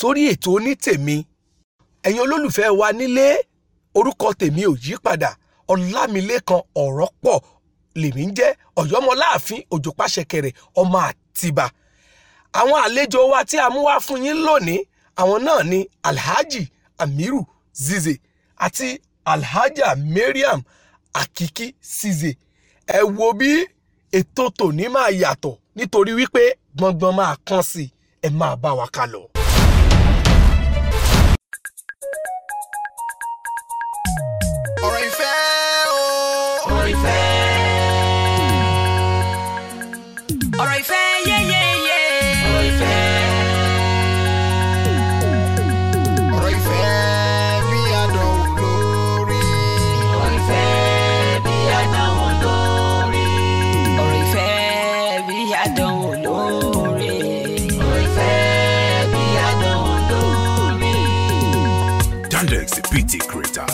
sórí ètò onítèmi ẹ̀yin olólùfẹ́ wa nílé orúkọ tèmi ò yí padà ọlámilékan ọ̀rọ̀ pọ̀ lèmi ń jẹ́ ọ̀yọ́mọláàfin òjòpáṣẹkẹrẹ ọmọ àtìbà àwọn àlejò wa tí a mú wá fún yín lónìí àwọn náà ni alhaji amiru zize àti alhaja mariam akiki zize ẹ wo bí ètò tòní máa yàtọ̀ nítorí wípé gbọ̀ngbọ̀n máa kàn sí ẹ máa bá wa kálọ. Beat it, creator.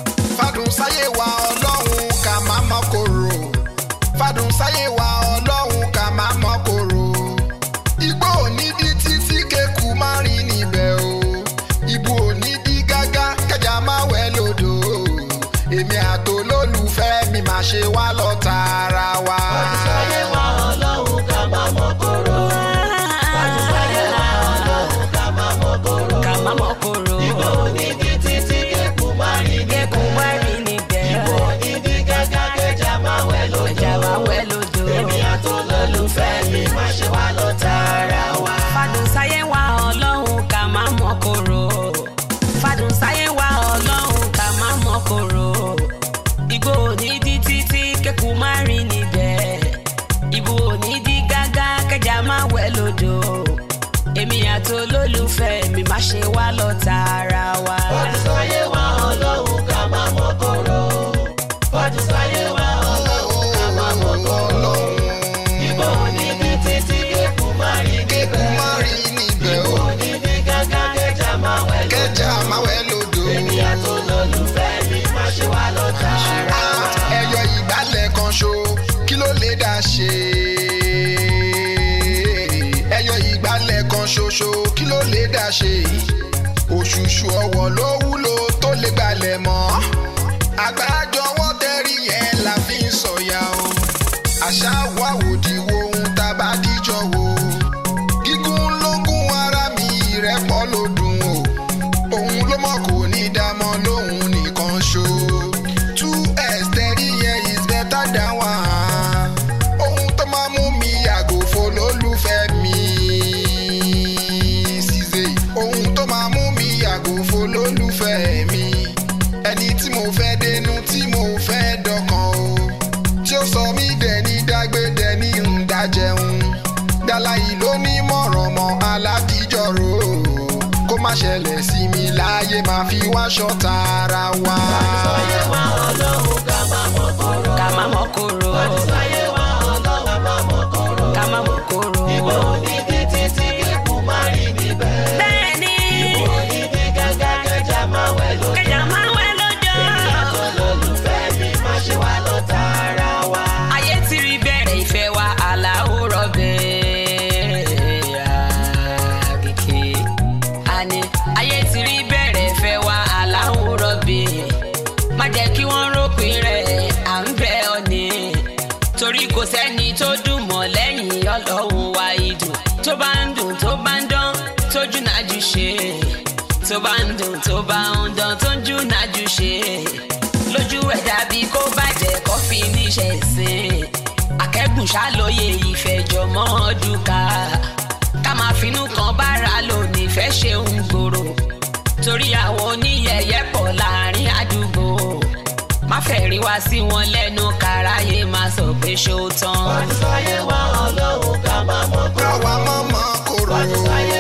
ṣe yìí òṣùṣù ọwọ́ ló wúlò tó lè gbalẹ̀ mọ́ àgbájọ wọn tẹ́rí yẹn la fi ń sọ̀yà o àṣà wàwòdì máa fi wá ṣọ̀tá ara wa. ká má mọ̀ kóró. ká má mọ̀ kóró. bá ń dùn tó bá ń dán tó ń jù náà jù ṣe lójú ẹ̀ dàbí kó bàjẹ́ kọ́fí níṣẹ́ sìn akẹ́gùn ṣàlóye ìfẹ̀jọ̀mọ́ ọdún ká máa finú kan bára lò nífẹ̀ ṣe ń gbòòrò torí àwọn oníyẹyẹ pọ̀ láàrin àdúgbò má fẹ́ rí wá sí wọn lẹ́nu káráyé má sọ pé ṣó tán. wọ́n ti sáyé wá ọlọ́run ká máa mọ̀ kó. káwa mọ̀ mọ́ kóró. wọ́n ti sáyé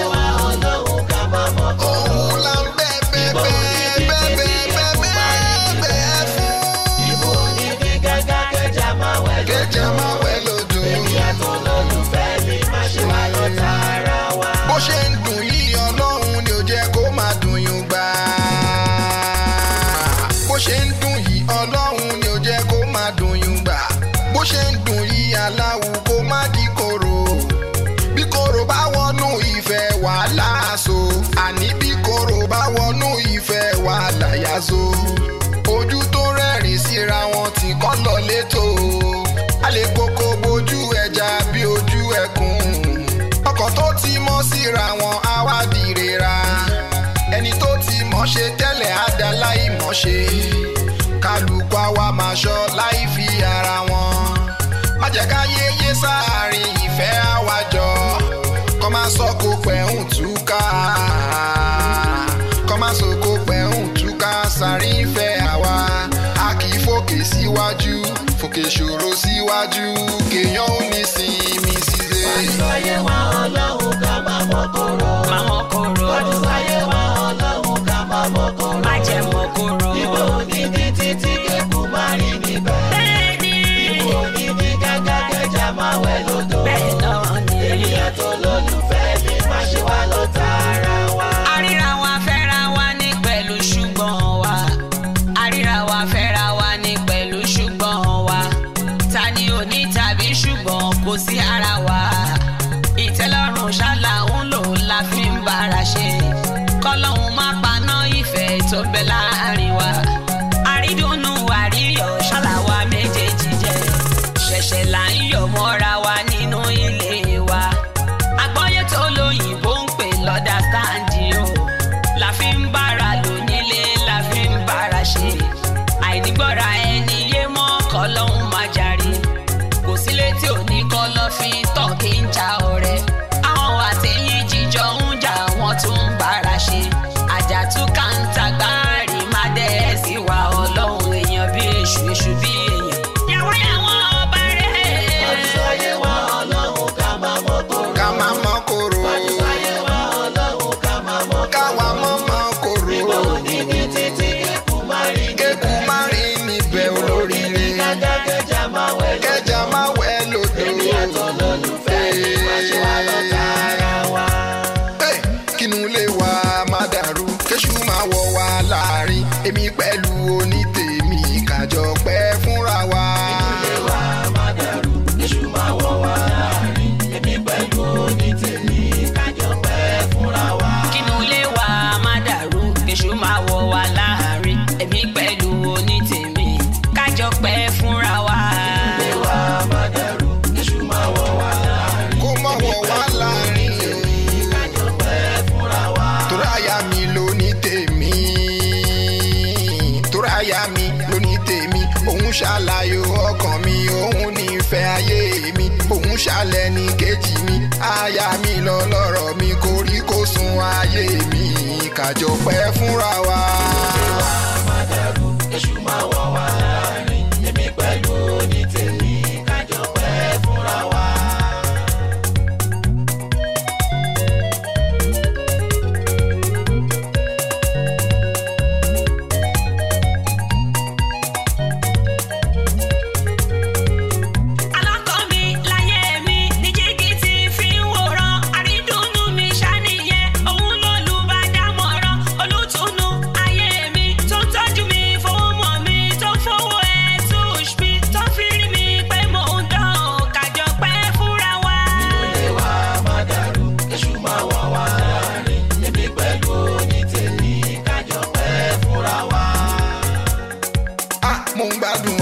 bombado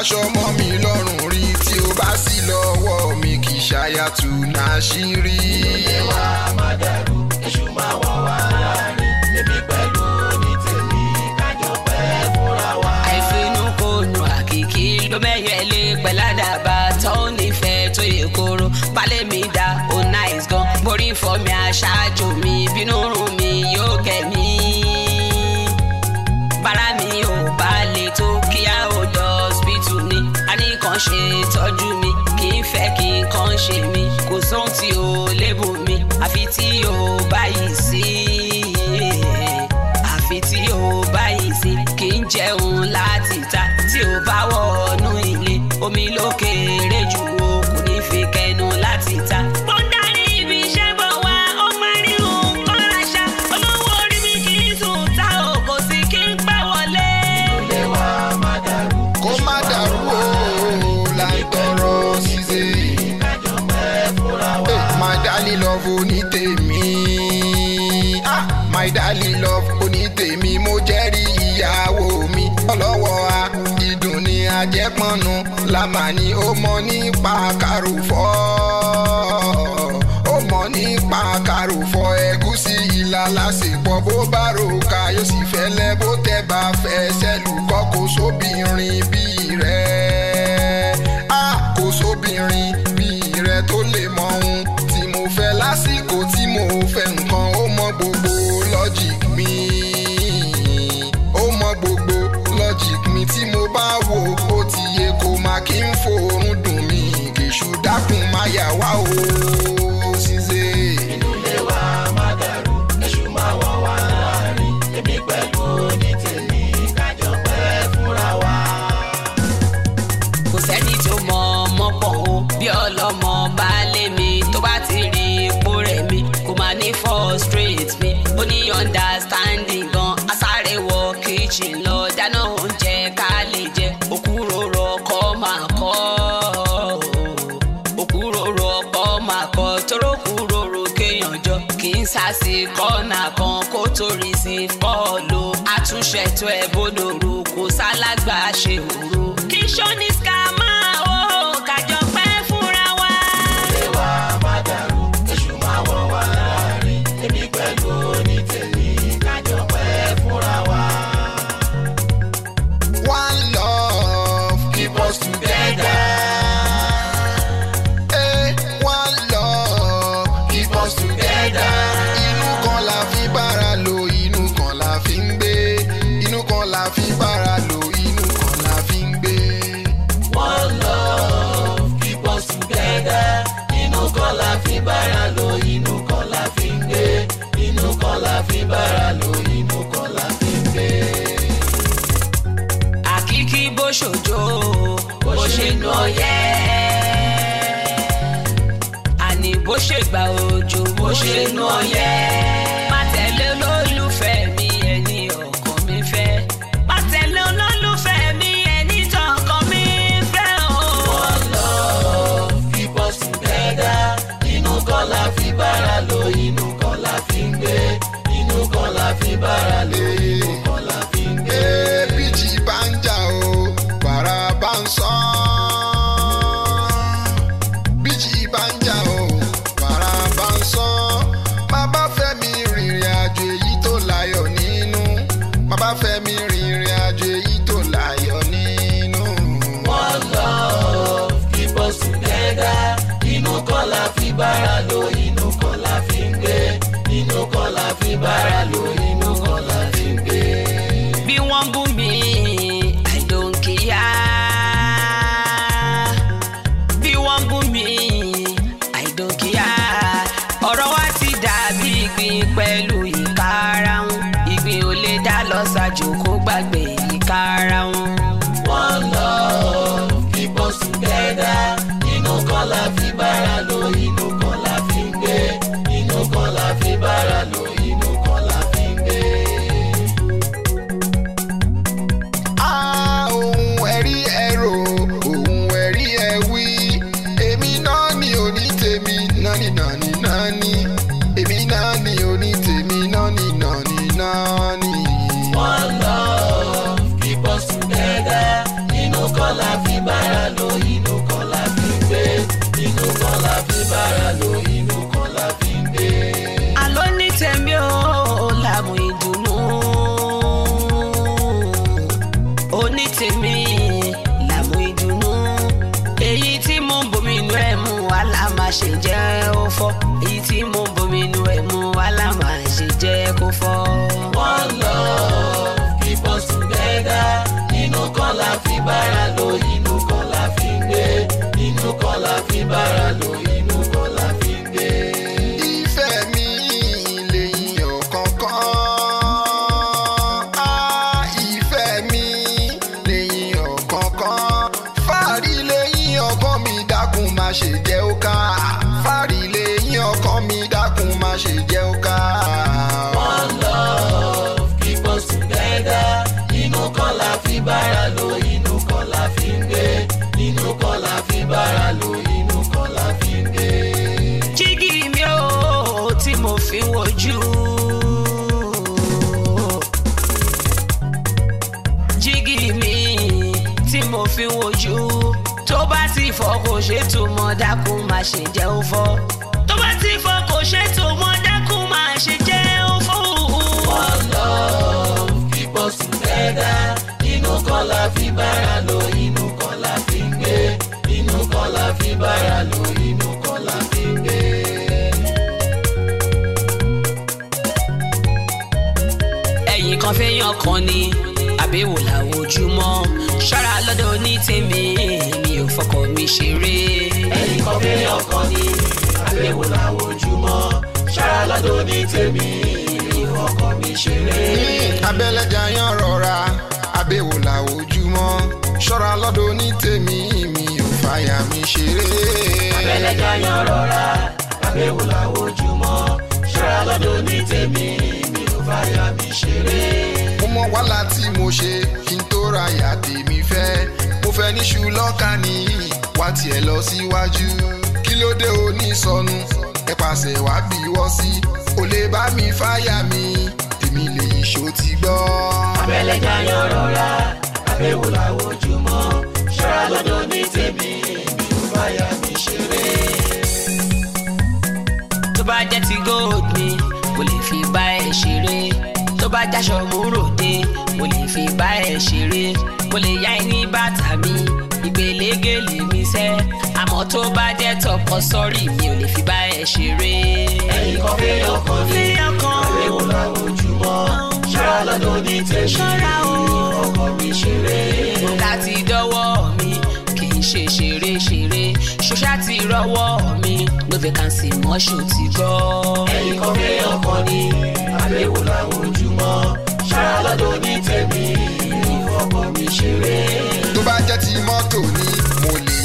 láṣọ mọ́ mi lọ́rùn rí tí o bá sì lọ́wọ́ mi kì í ṣàyà tù náà ṣì rí. ìrọ̀lẹ́ wa máa. ṣe tọ́jú mi kì í fẹ́ kí nǹkan ṣe mi kò sóhun tí o lébù mi àfi tí o báyìí sí àfi tí o báyìí sí kì í jẹun láti Àlàbá ni ó mọ nípa kàrùfọ́ ó mọ nípa kàrùfọ́ ẹ̀gúsí ilá lásìkò bó bá rò ká yóò sì fẹ́lẹ́ bó tẹ́ bá fẹ́ sẹ́lù kọ́kọ́ sóbìnrin bíi. dákun má yà wá o. tu é bom. ọyẹ́ àní bó ṣe gbà òjò bó ṣe nu ọyẹ́. la fi bára lóyún lóko. 远方。ṣe tó mọ dákun má ṣe jẹ́ ó fọ́. tó bá ti fọ́ kò ṣe tó mọ dákun má ṣe jẹ́ ó fọ́. wọ́n lọ people together inú kan la fi bára lò inú kan la fi gbé inú kan la fi bára lò inú kan la fi gbé. ẹ̀yìn kan ni àbẹ̀wò làwọn ojúmọ́ ṣọ́ra lọ́dọ̀ ní fọkọ mi ṣeré. ẹnì kan péré ọkàn ni àbẹ̀wò làwọn ojúmọ́ ṣáà lọ́dọ̀ ní tèmi ìfọkọ mi ṣeré. abẹ́lẹ́jà yan rọra àbẹ̀wò làwọn ojúmọ́ ṣọ́ra lọ́dọ̀ ní tèmi mi ò fàyà mi ṣeré. abẹ́lẹ́jà yan rọra àbẹ̀wò làwọn ojúmọ́ ṣọ́ra lọ́dọ̀ ní tèmi mi ò fàyà mi ṣeré. mo mọ wàhálà tí mo ṣe kí n tó ra yàtì mi fẹ́ mo fẹ́ níṣu lọ́ka ni tiẹ̀ lọ síwájú kí ló dé onísọnù ẹ pàṣẹ wá bí wọ́ sí o lè bá mi fáyà mi tèmi lè ṣó ti gbọ́. abẹ́lẹ́jà yan rọra abẹ́wò làwọ̀júmọ́ ṣọ́ra lọ́dọ̀ ní tèmi mi ò fáyà mi ṣeré. tó bá jẹ́ ti gold ni kò lè fi bá ẹ ṣeré tó bá jáṣọ múròde mo lè fi bá ẹ ṣeré mo lè yá ẹ bàtà mi ìgbélégélé mi tẹ́ àmọ́ tó bá jẹ́ tọkọ sọ́rí mi ò lè fi bá ẹ ṣeré. ẹyin kan fi ọkàn ní ọ̀rẹ́ wo láwùjúmọ́ ṣọ́ra lọ́dún ní tẹ̀sí ọkọ mi ṣeré. láti dọ́wọ́ mi kì í ṣe ṣeré ṣeré ṣoṣá ti rọ́wọ́ mi ló fi kàn sí mọ́ṣù ti gbọ́. ẹyin kan fi ọkàn ní ọ̀rẹ́ wo láwùjúmọ́ ṣọ́ra lọ́dún ní tẹ̀mí ọkọ mi ṣeré. tó bá jẹ́ ti mọ́tò ni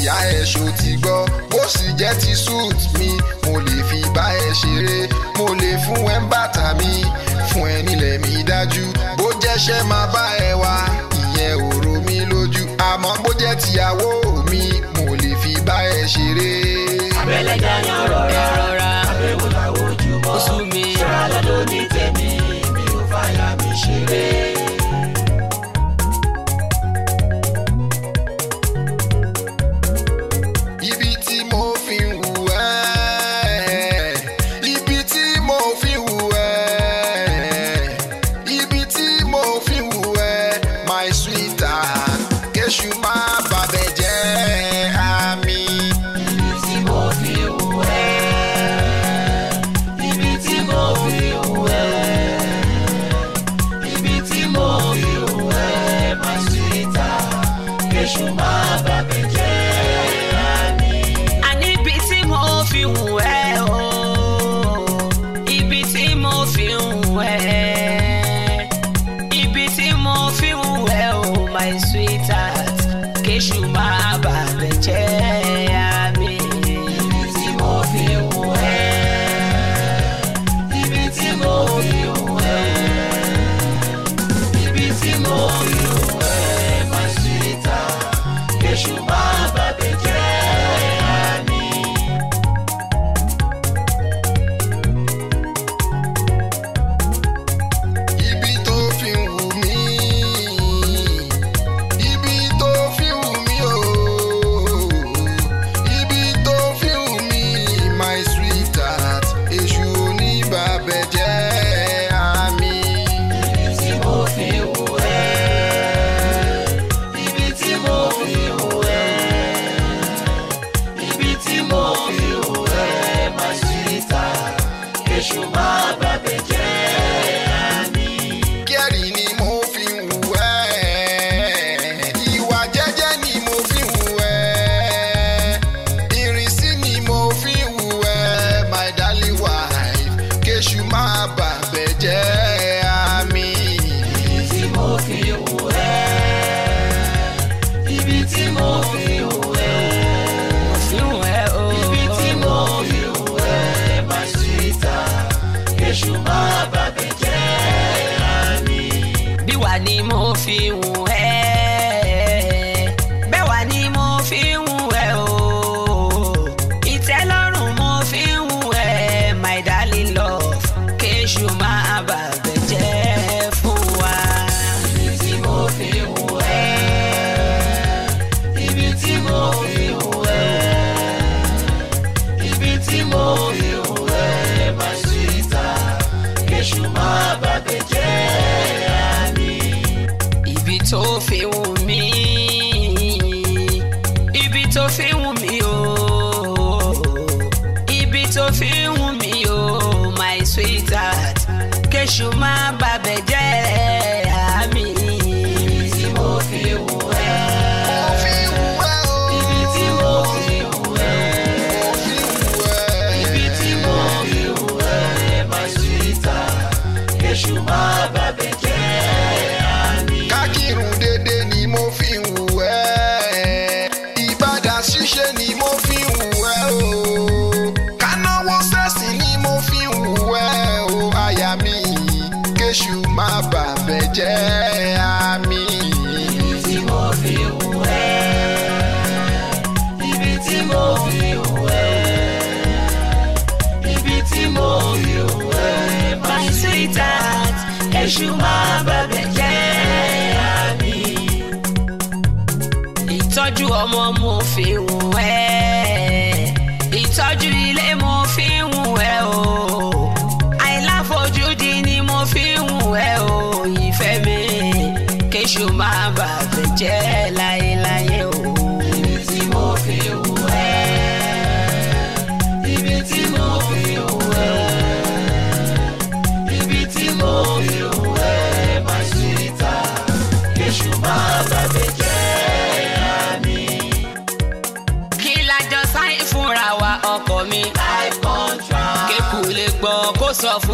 ìyá ẹ̀ ṣó ti gbọ́ bó sì jẹ́ ti suit mi mo lè fi bá ẹ ṣeré mo lè fún ẹ bàtà mi fún ẹ nílẹ̀ mi dájú bó jẹ́ṣẹ́ máa bá ẹ wá ìyẹn ò rò mí lójú àmọ́ bó jẹ́ tìyàwó mi mo lè fi bá ẹ ṣeré.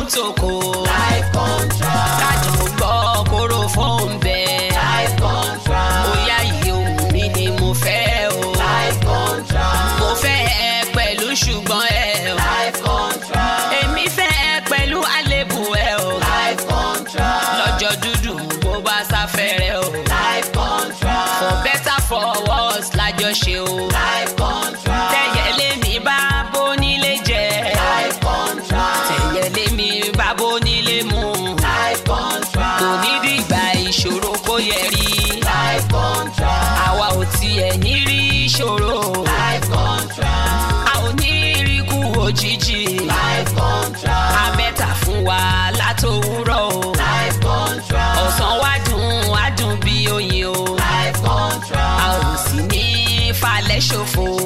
so apaixonou.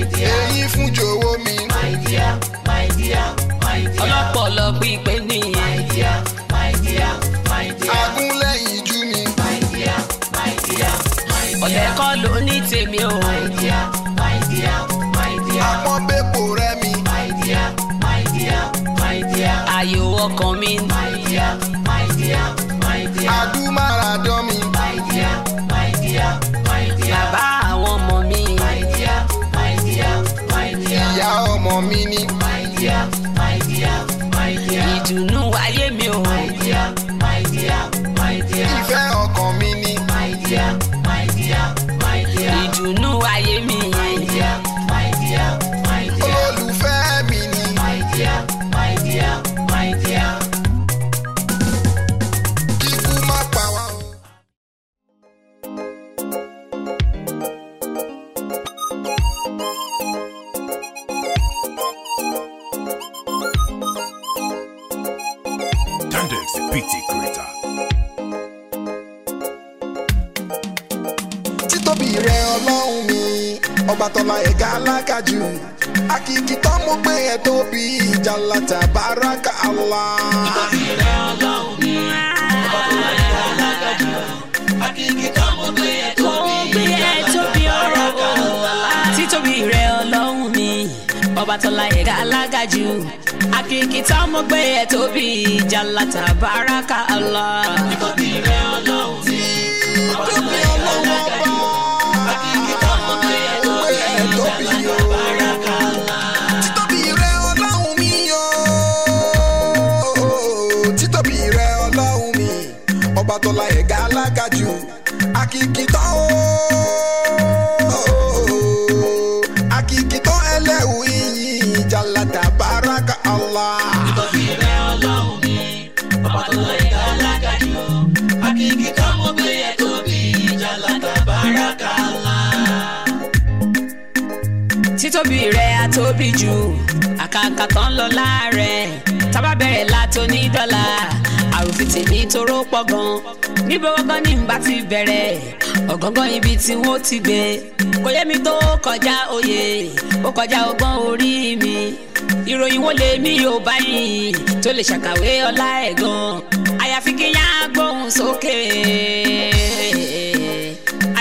Ele funcionou. àtìrẹ́ ọlọ́run mi ọba tó ayé alágbàjì àkìkì tó mú gbé ẹ tóbi ẹ tóbi ọ̀rọ̀ olùwà. títóbi rẹ ọlọ́run mi ọba tó láyé alágàjù àkìkì tó mú gbé ẹ tóbi jàlá tàbáraka Allah. títóbi rẹ ọlọ́run mi ọba tó láyé tóbi jù àkàǹkà tán lọ láàrẹ̀ tábà bẹ̀rẹ̀ látò ní dọ́là àròfin tèmi toró pọ̀ gan níbo gángan ní bá ti bẹ̀rẹ̀ ọ̀gángán ibi tí wọ́n ti gbé kò yé mi tó kọjá òye ó kọjá ọgbọ́n orí mi ìròyìn wo lèmi yóò báyìí tó lè ṣàkàwé ọlá ẹ̀ àyàfi kí yá gbóhùn sókè. Okay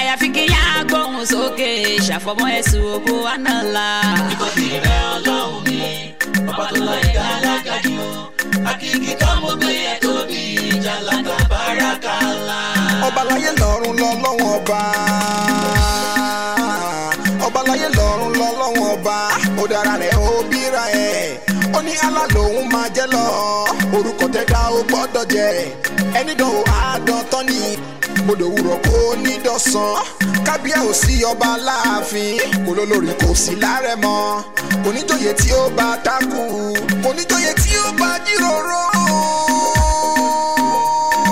àyàfi kí yá gbóhùn sókè ṣàfọmọ ẹ̀sùn òkú àná la. ìkọ̀tì rẹ̀ ọlọ́run mi bàbá tó lọ ìka alágàdì o akíkí ká mo gbé ẹ tóbi ìjà làtà báraka la. ọba láyé lọ́run lọ́lọ́run ọba ọba láyé lọ́run lọ́lọ́run ọba ó dára rẹ̀ ó bíra ẹ̀ ó ní Allah lòun máa jẹ́ lọ orúkọ tẹ́ka ó gbọ́dọ̀ jẹ ẹni dánwò àádọ́tọ́ ni mo lè wúrọ̀ kó ní dọ̀sán ah. kábíyà ò sí ọba láàfin kò lólórí kò sí lárẹ̀mọ kò níjòyè tí ó bá takú kò níjòyè tí ó bá jíròrò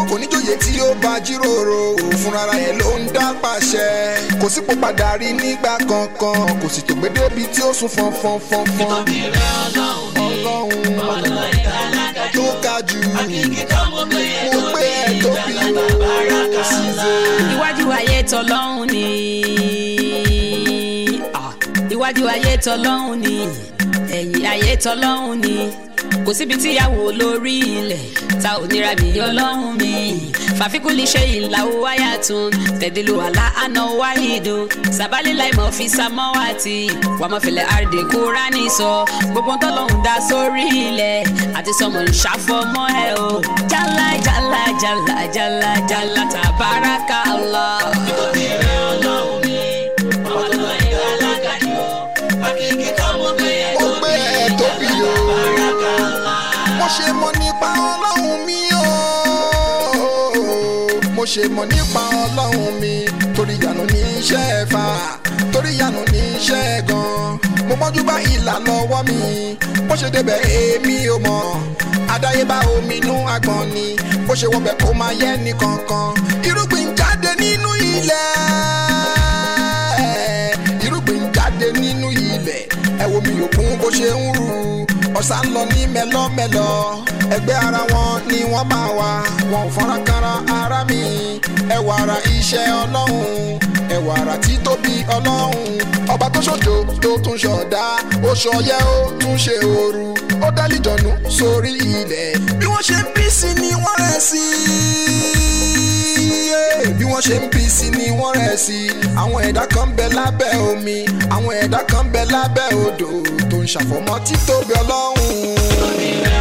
kò níjòyè tí ó bá jíròrò fúnra ẹ̀ ló ń dá pàṣẹ kò sípò padà rí nígbà kankan kò sì tó gbé débi tí ó sún fọnfọnfọn. ìbọn mi rẹ ọlọ́run ni ọlọ́run ọlọ́run tó ká jù. akéèké tó mú iwájú ayé tọlọ́hún ni ah, iwájú ayé tọlọ́hún ni ẹ̀yìn ayé tọlọ́hún ni kò síbi tíyàwó lórí ilẹ̀ ta ò nira bí ọlọ́run mi fàfikún lè ṣe ìlàwó wáyà tún tẹ̀dílù àlá àná wáyédùn sàbálẹ̀ láìmọ̀ fi samọ́ wá ti wàmọ̀fẹ̀lẹ̀ àrèdè Kúránì sọ gbogbo tọ́lọ́hún dá sórí ilẹ̀ àti sọmọ ìṣàfọmọ́ ẹ o jálá jálá jálá jálá jálá tàbárákà Allah. ṣe mọ̀ nípa ọlọ́run mi o mo ṣe mọ̀ nípa ọlọ́run mi torí ìyanu ní iṣẹ́ fà torí ìyanu ní iṣẹ́ gan mo mọ́jú bá ìlà lọ́wọ́ mi bó ṣe débẹ̀ èmi ò mọ̀ àdáyébá omi inú agbọ̀n ni bó ṣe wọbẹ̀ kó máa yẹ ní kankan irúgbìn jáde nínú ilẹ̀ irúgbìn jáde nínú ilẹ̀ ẹ wo mi òkun bó ṣe ń rú ọ̀sà ń lọ ní mẹ́lọ́mẹ́lọ́ ẹgbẹ́ ara wọn ni wọ́n bá wa wọn ò fọ́nrakànra ara mi ẹwà ara iṣẹ́ ọlọ́run ẹwà ara títóbi ọlọ́run ọba tó ṣòjò tó tún ṣọ̀dá ó ṣọyẹ́ ó tún ṣe ooru ó dálìjọ̀nù sórí ilẹ̀ bí wọ́n ṣe bí sí ni wọ́n rẹ̀ sí i bí wọ́n ṣe ń bí sí ni wọ́n rẹ̀ sí àwọn ẹ̀dá kan bẹ lábẹ́ omi àwọn ẹ̀dá kan bẹ lábẹ́ odò tó ń ṣàfọ̀mọ́ títóbi ọlọ́run.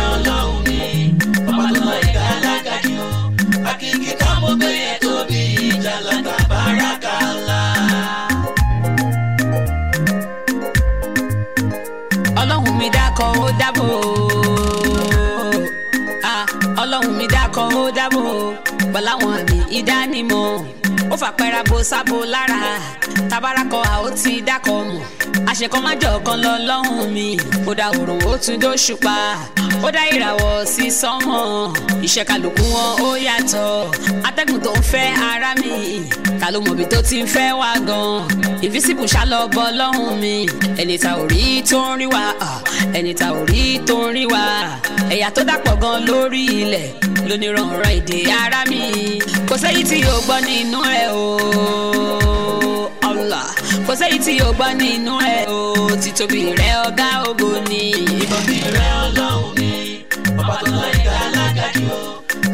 ìdánimọ̀ ó fàpẹ́ra bo sábò lára tabarakọ àwọn ti dákọ̀ mọ̀ àṣekọ́májọ kan lọ lọ́hùn mi ó dá òrùn ó tún dóṣùpá ó dá ìràwọ̀ sí sánmọ̀ iṣẹ́ kálukú wọn ó yàtọ̀ atẹ́gùn tó ń fẹ́ ara mi ta ló mọ̀bi tó ti ń fẹ́ wá gan ìfísìpù ṣálọ́bọ̀ lọ́hùn mi ẹni ta ò rí tó ń rí wa ẹni ta ò rí tó ń rí wa ẹ̀yà tó dàpọ̀ gan lórí ilẹ̀ lóníranran èdè ara mi kò sẹ́yìn tí yóò gbọ́ nínú rẹ̀ o Allah kò sẹ́yìn tí yóò gbọ́ nínú rẹ̀ o títóbi rẹ̀ ọ̀gá ògo ni. ìbọ̀bí rẹ̀ ọlọ́run ni bàbá tó lọ ìgbà alágàjì o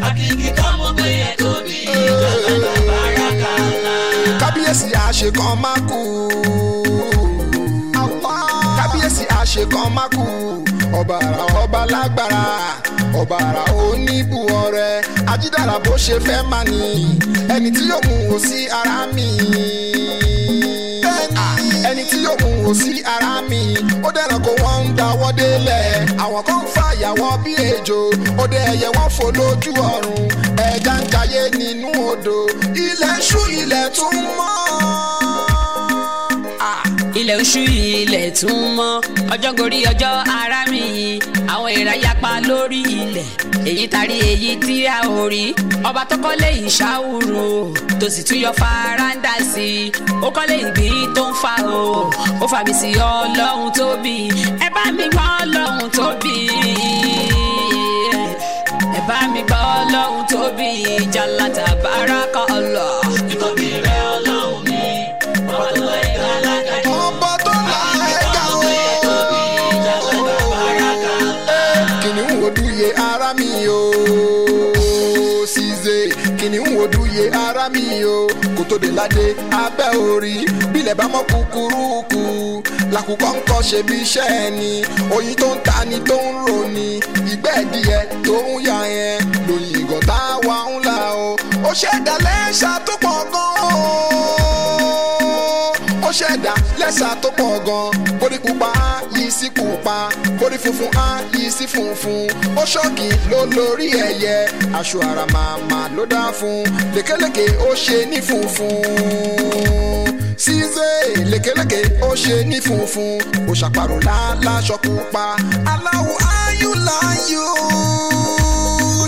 akínkí kọ́ mọ̀ pé ẹ̀ tóbi ìjọba bàbá rákàlà. kábíyèsí àṣekàn má kú kábíyèsí àṣekàn má kú ọba àrà ọba lágbára ọba àrà oníbùwọ̀ rẹ̀ kàrà bó ṣe fẹ́ máa ní ẹni tí yóò mú o sí ara mi ah, ẹni tí yóò mú o sí ara mi ó dẹ̀ràn kó wọ́n ń dáwọ́ délẹ̀ àwọn kan ń fàyàwọ́ bí ejò ó dé ẹyẹ wọ́n fò lójú ọ̀run ẹja ń jayé nínú odò ilẹ̀ ṣú ilẹ̀ tún mọ́ ilẹ̀ oṣù yìí ilẹ̀ tún mọ́ ọjọ́ gorí ọjọ́ ara mi yìí àwọn èèrà yapa lórí ilẹ̀ èyí tari èyí tí a ò rí ọba tó kọ́lé ìṣàwùrù tó sì tún yọ faranda sí i ó kọ́lé ìgbín tó ń fa o ó fàmì sí ọlọ́run tóbi ẹ bá mi gbọ́ ọlọ́run tóbi ẹ bá mi gbọ́ ọlọ́run tóbi jàlátà bárakà Allah. wòdúye ara mi o. Ṣìṣe kìnìún wòdúye ara mi o. Kòtòdè ládé abẹ́ orí. Bílẹ̀ bá mọ́ kúkúrúkú. Làkùkọ́ ń kọ́ ṣe bí iṣẹ́ ẹni. Oyin tó ń ta ni tó ń rò Ìgbẹ́ ẹ̀dìyẹ tó ń yà yẹn. Lòyìn ìgàn tá ń là o. Ó ṣẹ̀dá lẹ́ṣà tó pọ̀ gan-an ṣẹ̀dá lẹ́sà tó pọ̀ gan orí pupa yí sí pupa orí funfun á yí sí funfun ó ṣọ́ọ̀kì ló lórí ẹ̀yẹ aṣọ ara màmá ló dá fún lékeléké ó ṣe ní funfun ṣíṣe lékeléké ó ṣe ní funfun ó ṣàparò láláṣọ pupa aláwọ̀ ayú láyú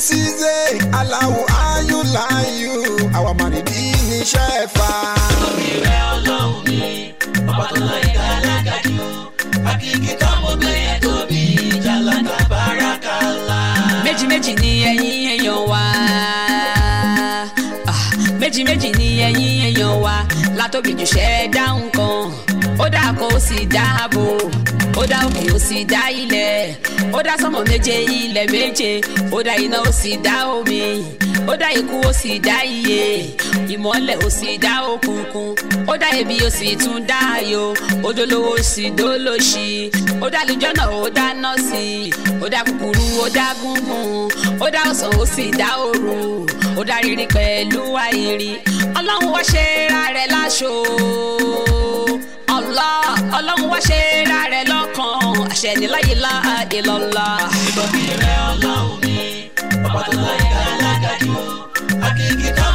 ṣíṣe aláwọ̀ ayú láyú àwa màrìdí fà. orí ọlọ́. igi tọ́mọ gbẹ̀yẹ tóbi jàlàkà bárakàlà. méjì méjì ni ẹ̀yin èèyàn wá ah, méjì méjì ni ẹ̀yin èèyàn wá látòbí jù ṣẹ́ dáhùn kan ó dá kó o sì dáàbò ó dá òkè ó sì dá ilẹ̀ ó dá sánmọ̀ méje ilẹ̀ méje ó dá iná ó sì dá omi ó dá ikú ó sì dá iye ìmọ́lẹ̀ ó sì dá òkùnkùn ó dá ebi ó sì tún dá ayọ̀ ó dolówó ó sì dólóṣì ó dá lùjọ́nà ó dá nọ́ọ̀sì ó dá kúkúrú ó dá gúngún ó dá ọ̀sán ó sì dá òru ó dá rírí pẹ̀lú àìrí ọlọ́run wá ṣe rárẹ̀ láṣọ Allah ọlọ́run wá ṣe rárẹ̀ lọ́kàn àṣẹ níláyé láàdé lọ́la. ìbọn mi rẹ ọlọ́run mi bàbá tó láyé lálẹ́. Rock it, get down.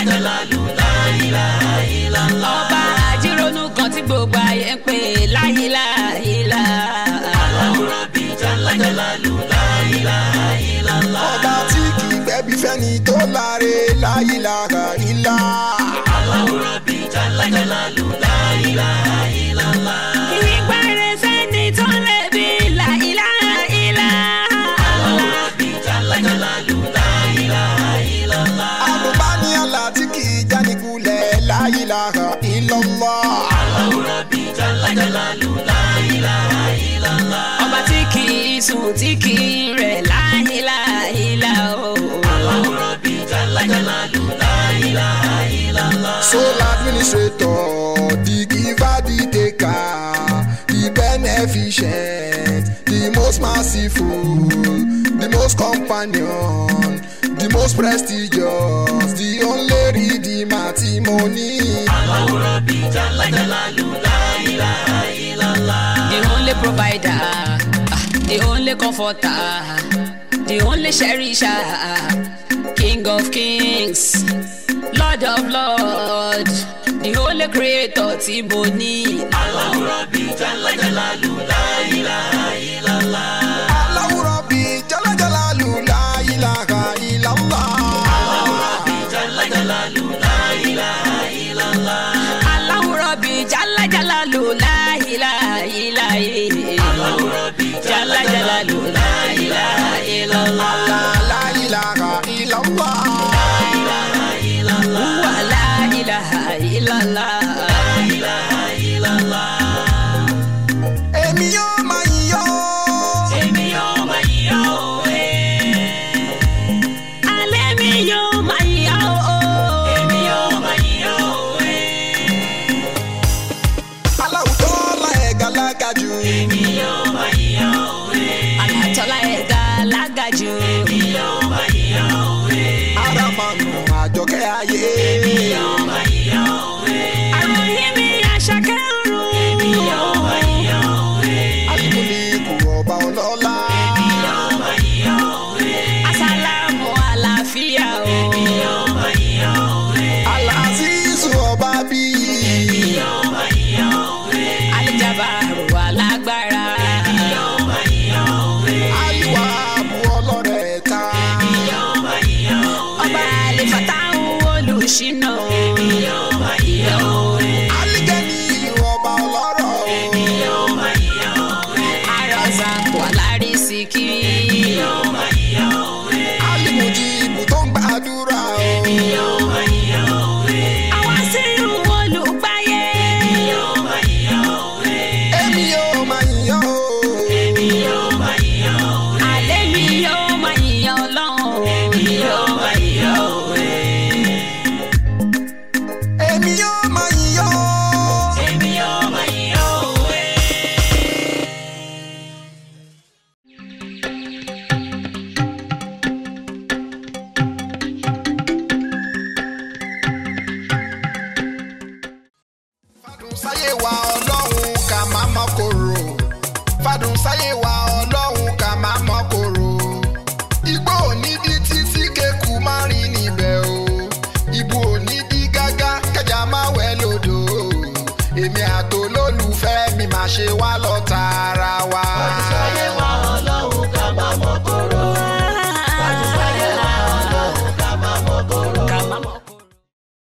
àjàlálù láìláìláńlá. ọba àjírònú kan tí gbogbo ayé ń pè láìláìlá. aláwòrán bíi jàlá àjàlálù láìláìláńlá. ọba tí kì í gbẹ̀bí fẹ́ni tó láre láìláìlá. aláwòrán bíi jàlá tí kì í rẹ̀ láìláìlá o. Allahu Rabbi jalla jalalu láìláìlá. Sole administrator, the giver, the taker, the beneficent, the most merciful, the most companion, the most prestigious, the only redeemer matrimony. mo ní. Allahu Rabbi jalla jalalu láìláìlá. The only provider. the only comforter, the only cherisher, King of kings, Lord of lords, the only creator tí mo ní. aláwòrán bíi jálajàlá lù